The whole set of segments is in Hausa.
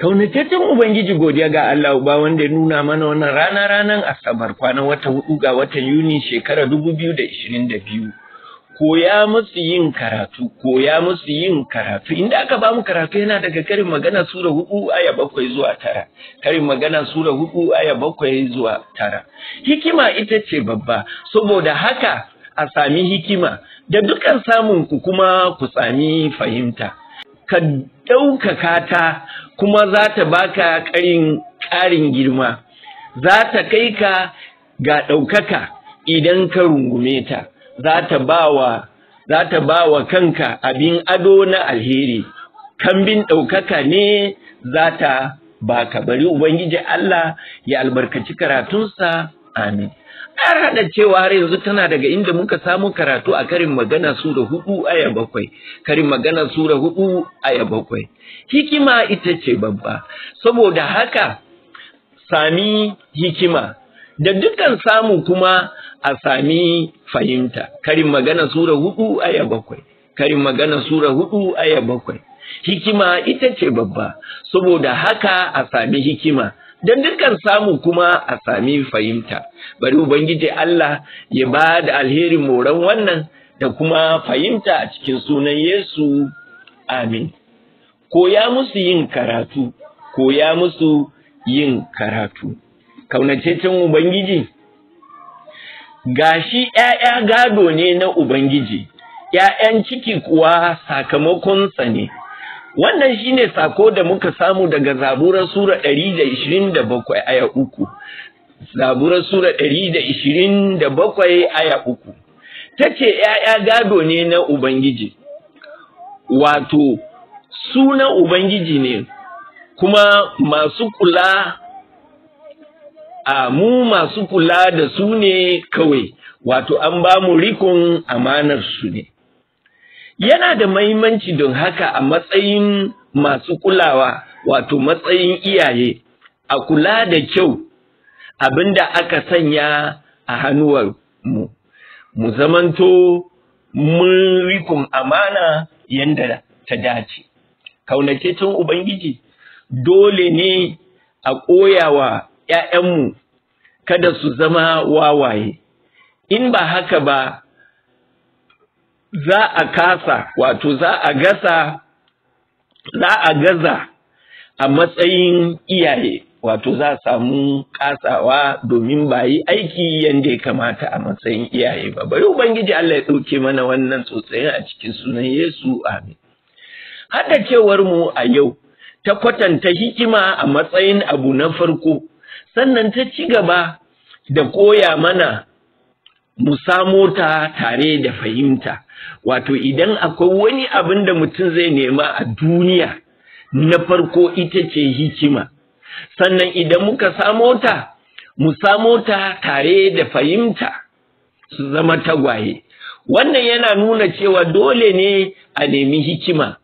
Kaunataccen Ubangiji godiya ga Allah ba wanda ya nuna mana wannan rana ranar Asabar kwana wata hudu ga watan Yuni shekara dubu biyu da ishirin da biyu. Koya musu yin karatu, koya musu yin karatu. Inda aka ba mu karatu yana daga karin magana Sura hudu aya bakwai zuwa tara. Karin magana Sura hudu aya bakwai zuwa tara. Hikima ita ce babba, saboda haka a sami hikima, da dukan samun ku kuma ku sami fahimta. ka ɗaukaka ta kuma za ta baka ƙarin ƙarin girma za ta kai ka ga ɗaukaka idan ka rungume ta za ta bawa za ta bawa kanka abin ado na alheri kambin ɗaukaka ne za ta baka bari ubangiji Allah ya albarkaci karatunsa amin ƙara da cewa har yanzu tana daga inda muka samu karatu a karin magana sura hudu aya bakwai karin magana sura hudu aya bakwai hikima ita ce babba saboda haka sami hikima da dukkan samu kuma a sami fahimta karin magana sura hudu aya bakwai karin magana sura hudu aya bakwai hikima ita ce babba saboda haka a sami hikima don dukkan samu kuma a sami fahimta bari ubangiji Allah ya ba da alherin moran wannan da kuma fahimta a cikin sunan Yesu amin koya musu yin karatu koya musu yin karatu kaunacecen ubangiji gashi ‘ya'ya gado ne na ubangiji ‘ya'yan ciki kuwa sakamakonsa ne’ wannan shine sako da muka samu daga zaburar sura 127 aya uku. zaburar sura 127 aya uku. Ta ce ‘ya'ya gado ne na ubangiji wato su na ubangiji ne kuma masu kula a mu masu kula da su ne kawai wato an ba mu rikon amanar su ne yana da mahimmanci don haka a matsayin masu kulawa wato matsayin iyaye a kula da kyau abin da aka sanya a hannuwar mu mu zamanto mun rikon amana yadda ta dace kaunataccen ubangiji dole ne a koyawa ‘ya'yanmu kada su zama wawaye in ba haka ba za a kasa wato za a gasa za a gaza a matsayin iyaye wato za a samu kasawa domin ba yi aiki yadda ya kamata a matsayin iyaye ba bari ubangiji Allah ya ɗauke mana wannan tsotsayin a cikin sunan Yesu amin hada cewar mu a yau ta kwatanta hikima a matsayin abu na farko sannan ta ci gaba da koya mana mu samo ta tare da fahimta wato idan akwai wani abin da mutum zai nema a duniya na farko ita ce hikima sannan idan muka samo ta mu samo ta tare da fahimta su zama tagwaye wannan yana nuna cewa dole ne a nemi hikima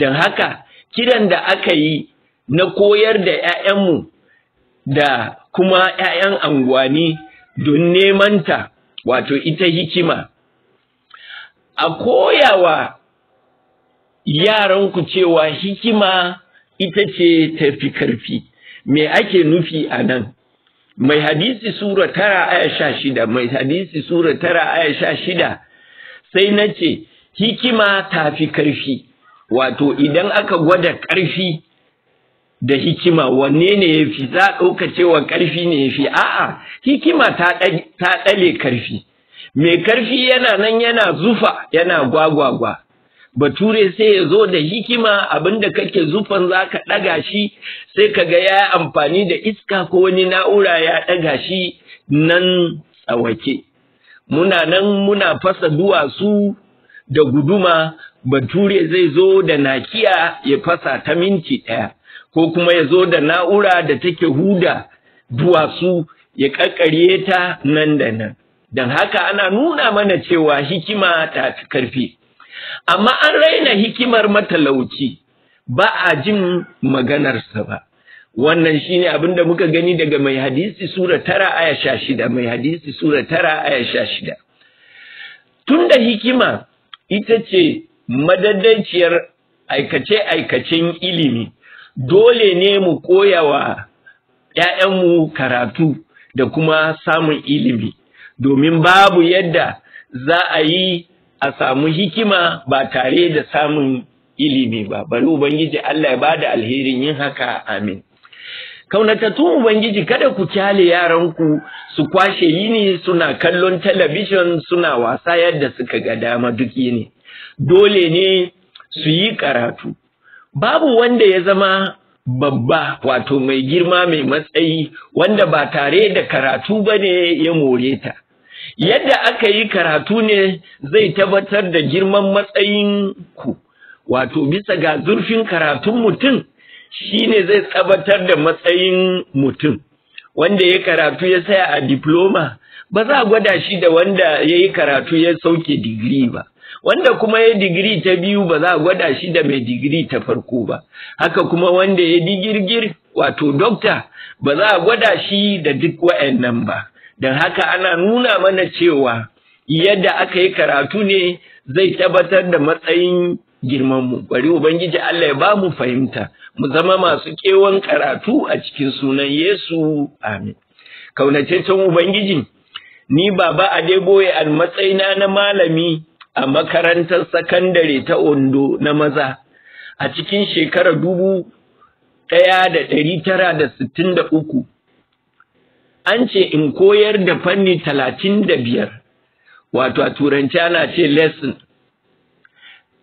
don haka kiran da aka yi na koyar da 'ya'yanmu da kuma 'ya'yan anguwani don neman ta wato ita hikima a koyawa yaranku cewa hikima ita ce tafi karfi me ake nufi a nan mai hadisi sura tara aya sha shida mai hadisi sura tara aya sha shida sai na ce hikima tafi karfi wato idan aka gwada karfi da hikima wanne ne ya fi za ɗauka cewa ƙarfi ne ya fi a'a hikima ta ɗale ƙarfi mai ƙarfi yana nan yana zufa yana gwagwagwa bature sai ya zo da hikima abinda kake zufan za ka ɗaga shi sai ka ga ya amfani da iska ko wani na'ura ya ɗaga shi nan tsawake muna nan muna fasa duwatsu da guduma bature zai zo da nakiya ya fasa ta minti ɗaya ko kuma ya zo da na'ura da take huda duwatsu ya ƙarƙarye ta nan da nan don haka ana nuna mana cewa hikima ta fi karfi amma an raina hikimar matalauci ba a jin maganarsa ba wannan shine abin da muka gani daga mai hadisi sura tara aya sha shida mai hadisi sura tara aya sha shida tunda hikima ita ce madadaiciyar aikace-aikacen ilimi dole ne mu koyawa ‘ya'yanmu karatu da kuma samun ilimi, domin babu yadda za a yi a samu hikima ba tare da samun ilimi ba, bari Ubangiji Allah ya ba da alherin yin haka amin. Kaunatattun Ubangiji kada ku kyale yaranku su kwashe yini suna kallon talabijin suna wasa yadda suka ga dama duk yini. Dole ne su yi karatu, babu wanda ya zama babba wato mai girma mai matsayi wanda ba tare da karatu ba ne ya more ta yadda aka yi karatu ne zai tabbatar da girman matsayin ku wato bisa ga zurfin karatun mutum shine zai tabbatar da matsayin mutum wanda ya karatu ya saya a diploma ba za a gwada shi da wanda ya yi karatu ya sauke digiri ba wanda kuma ya digiri ta biyu ba za a gwada shi da mai digiri ta farko ba haka kuma wanda ya digirgir wato dokta ba za a gwada shi da duk wa'annan ba don haka ana nuna mana cewa yadda aka yi karatu ne zai tabbatar da matsayin girman mu bari ubangiji Allah ya bamu fahimta mu zama masu kewan karatu a cikin sunan Yesu amin kaunataccen ubangiji ni baba Adeboye al matsayina na malami a makarantar sakandare ta Ondo na maza a cikin shekarar dubu ɗaya da ɗari tara da sittin da uku. An ce in koyar da fanni talatin da biyar, wato a turanci ana ce lesson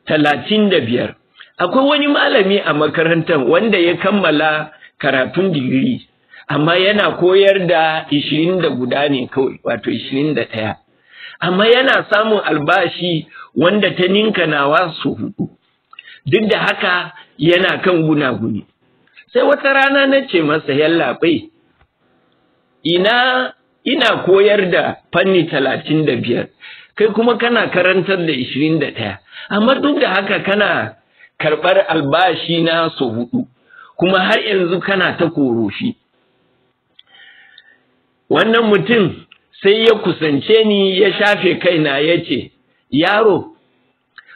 talatin da biyar. Akwai wani malami a makarantar wanda ya kammala karatun digiri, amma yana koyar da ishirin da guda ne kawai, wato ishirin da ɗaya. amma yana samun albashi wanda ta ninka nawa su hudu duk da haka yana kan guna gunaguni sai wata rana na ce masa yallaɓai ina ina koyar da fanni talatin da biyar kai kuma kana karantar da ishirin da ɗaya amma duk da haka kana karɓar albashi na su hudu kuma har yanzu kana ta korofi wannan mutum sai ya kusance ni ya shafe kaina ya ce yaro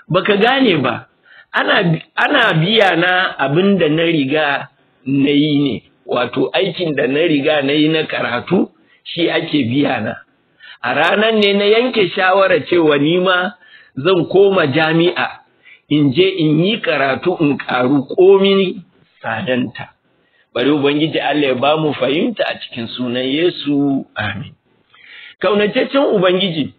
baka gane ba ana, ana biya na abin da na riga na yi ne wato aikin da na riga na yi na karatu shi ake biya na a ranar ne na yanke shawara cewa ni ma zan koma jami'a in je in yi karatu in karu komi sadanta bari ubangiji Allah ya ba mu fahimta a cikin sunan Yesu amin kaunataccen ubangiji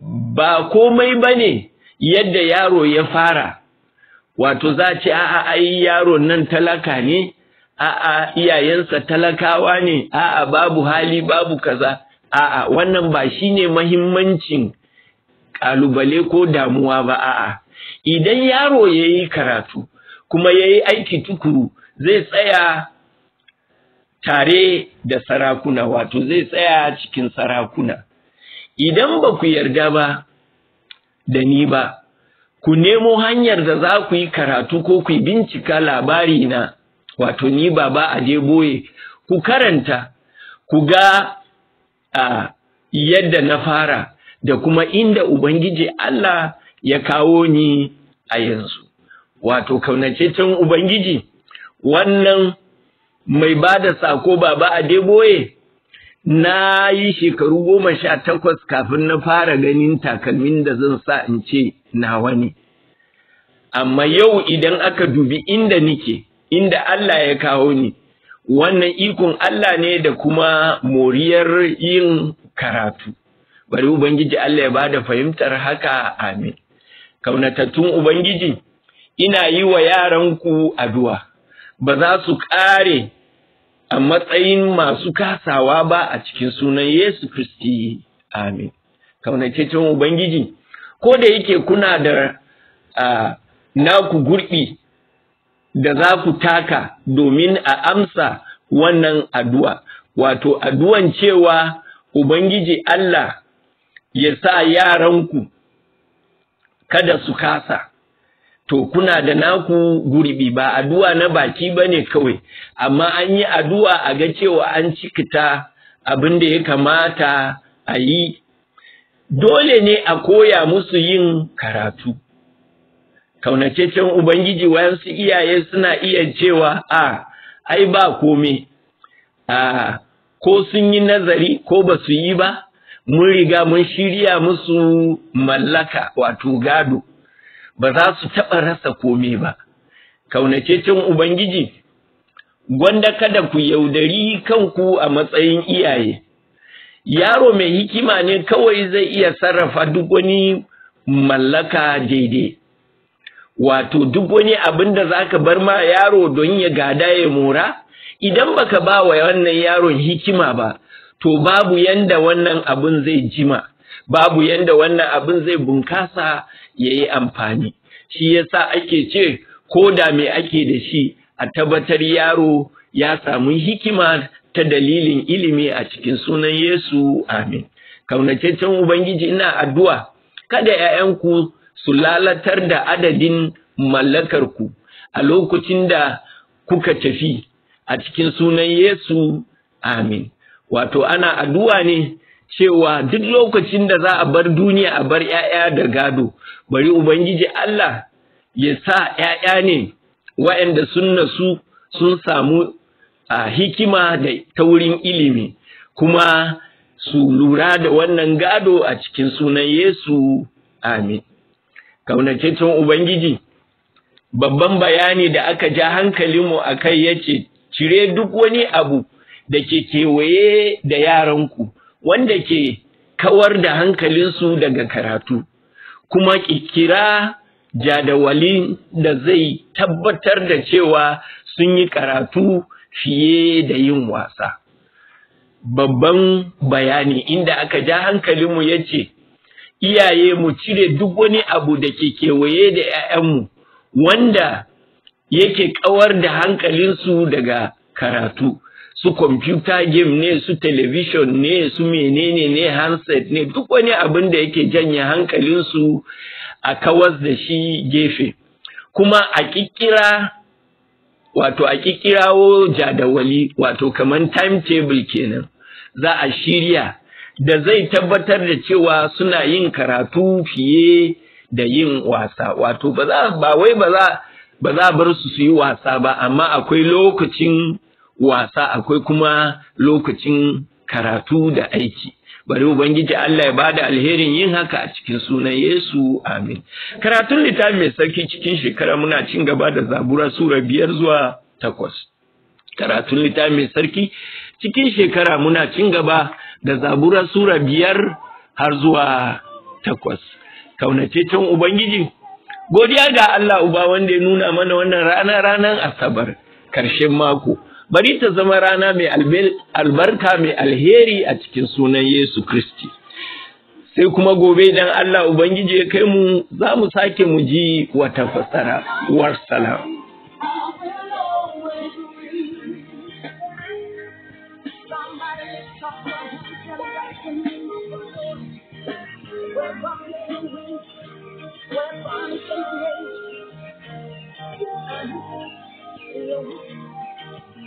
ba komai ba ne yadda yaro ya fara wato za ce a'a ai yaro nan talaka ne a'a iyayensa talakawa ne a'a babu hali babu kaza a'a wannan ba shine mahimmancin ƙalubale ko damuwa ba a'a idan yaro ya yi karatu kuma ya yi aiki tukuru zai tsaya tare da sarakuna wato zai tsaya cikin sarakuna idan ba ku yarda ba da ni ba ku nemo hanyar da za ku yi karatu ko ku bincika labari na wato ni ba ba a je boye ku karanta ku ga a yadda na fara da kuma inda ubangiji Allah ya kawo ni a yanzu wato kaunacecen ubangiji wannan mai ba da sako baba a deboye na yi shekaru goma sha takwas kafin na fara ganin takalmin da zan sa in ce nawa ne amma yau idan aka dubi inda nike inda Allah ya kawo ni wannan ikon Allah ne da kuma moriyar yin karatu bari ubangiji Allah ya bada fahimtar haka amin kaunatattun ubangiji ina yi wa yaranku addu'a ba za su ƙare a matsayin masu kasawa ba a cikin sunan Yesu Kristi. Amin. Kaunataccen Ubangiji, ko da yake kuna da naku gurbi da za ku taka domin a amsa wannan addu'a, wato addu'an cewa Ubangiji Allah ya sa yaranku kada su kasa. to kuna da naku gurbi ba addu'a na baki bane kawai amma an yi addu'a a ga cewa an cikita abin da ya kamata a yi dole ne a koya musu yin karatu kaunacecen ubangiji wayansu iyaye suna iya cewa a ai ba komai a ko sun yi nazari ko ba su yi ba mun riga mun shirya musu mallaka wato gado ba za su taɓa rasa komai ba kaunataccen ubangiji gwanda kada ku yaudari kanku a matsayin iyaye yaro mai hikima ne kawai zai iya sarrafa duk wani mallaka daidai wato duk wani abin da za ka bar ma yaro don ya gada ya mora idan baka ba wa wannan yaron hikima ba to babu yanda wannan abin zai jima babu yanda wannan abin zai bunkasa ya yi amfani shi yasa ake ce ko da me ake da shi a tabbatar yaro ya samu hikima ta dalilin ilimi a cikin sunan Yesu amin kaunataccen ubangiji ina addu'a kada 'ya'yanku su lalatar da adadin mallakarku a lokacin da kuka tafi a cikin sunan Yesu amin wato ana addu'a ne cewa duk lokacin da za a bar duniya a bar ‘ya'ya da gado, bari Ubangiji Allah ya sa ‘ya'ya ne waɗanda sun nasu sun samu a hikima da ta wurin ilimi, kuma su lura da wannan gado a cikin sunan Yesu, amin. Kaunataccen Ubangiji, babban bayani da aka ja hankalinmu a kai ya ce, cire duk wani abu da ke kewaye da yaranku. wanda ke kawar da hankalinsu daga karatu kuma kikira jadawali da zai tabbatar da cewa sun yi karatu fiye da yin wasa babban bayani inda aka ja hankalinmu ya ce iyaye mu cire duk wani abu da ke kewaye da 'ya'yanmu wanda yake kawar da hankalinsu daga karatu su computer game ne su television ne su menene ne handset ne duk wani abin da yake janye hankalinsu a kawas da shi gefe kuma a kikira wato a kikirawo jadawali wato kaman timetable kenan za a shirya da zai tabbatar da cewa suna yin karatu fiye da yin wasa wato ba wai ba za ba za bar su su yi wasa ba amma akwai lokacin wasa akwai kuma lokacin karatu da aiki bari ubangiji Allah ya bada alherin yin haka a cikin sunan Yesu amin karatun littafi mai sarki cikin shekara muna cin gaba da zabura sura biyar zuwa takwas karatun littafi mai sarki cikin shekara muna cin gaba da zabura sura biyar har zuwa takwas can ubangiji godiya ga Allah uba wanda ya nuna mana wannan rana ranar asabar karshen mako bari ta zama rana mai albarka mai alheri a cikin sunan Yesu Kristi. Sai kuma gobe idan Allah Ubangiji ya kai mu za mu sake mu ji wata fasara war salam. Thank you.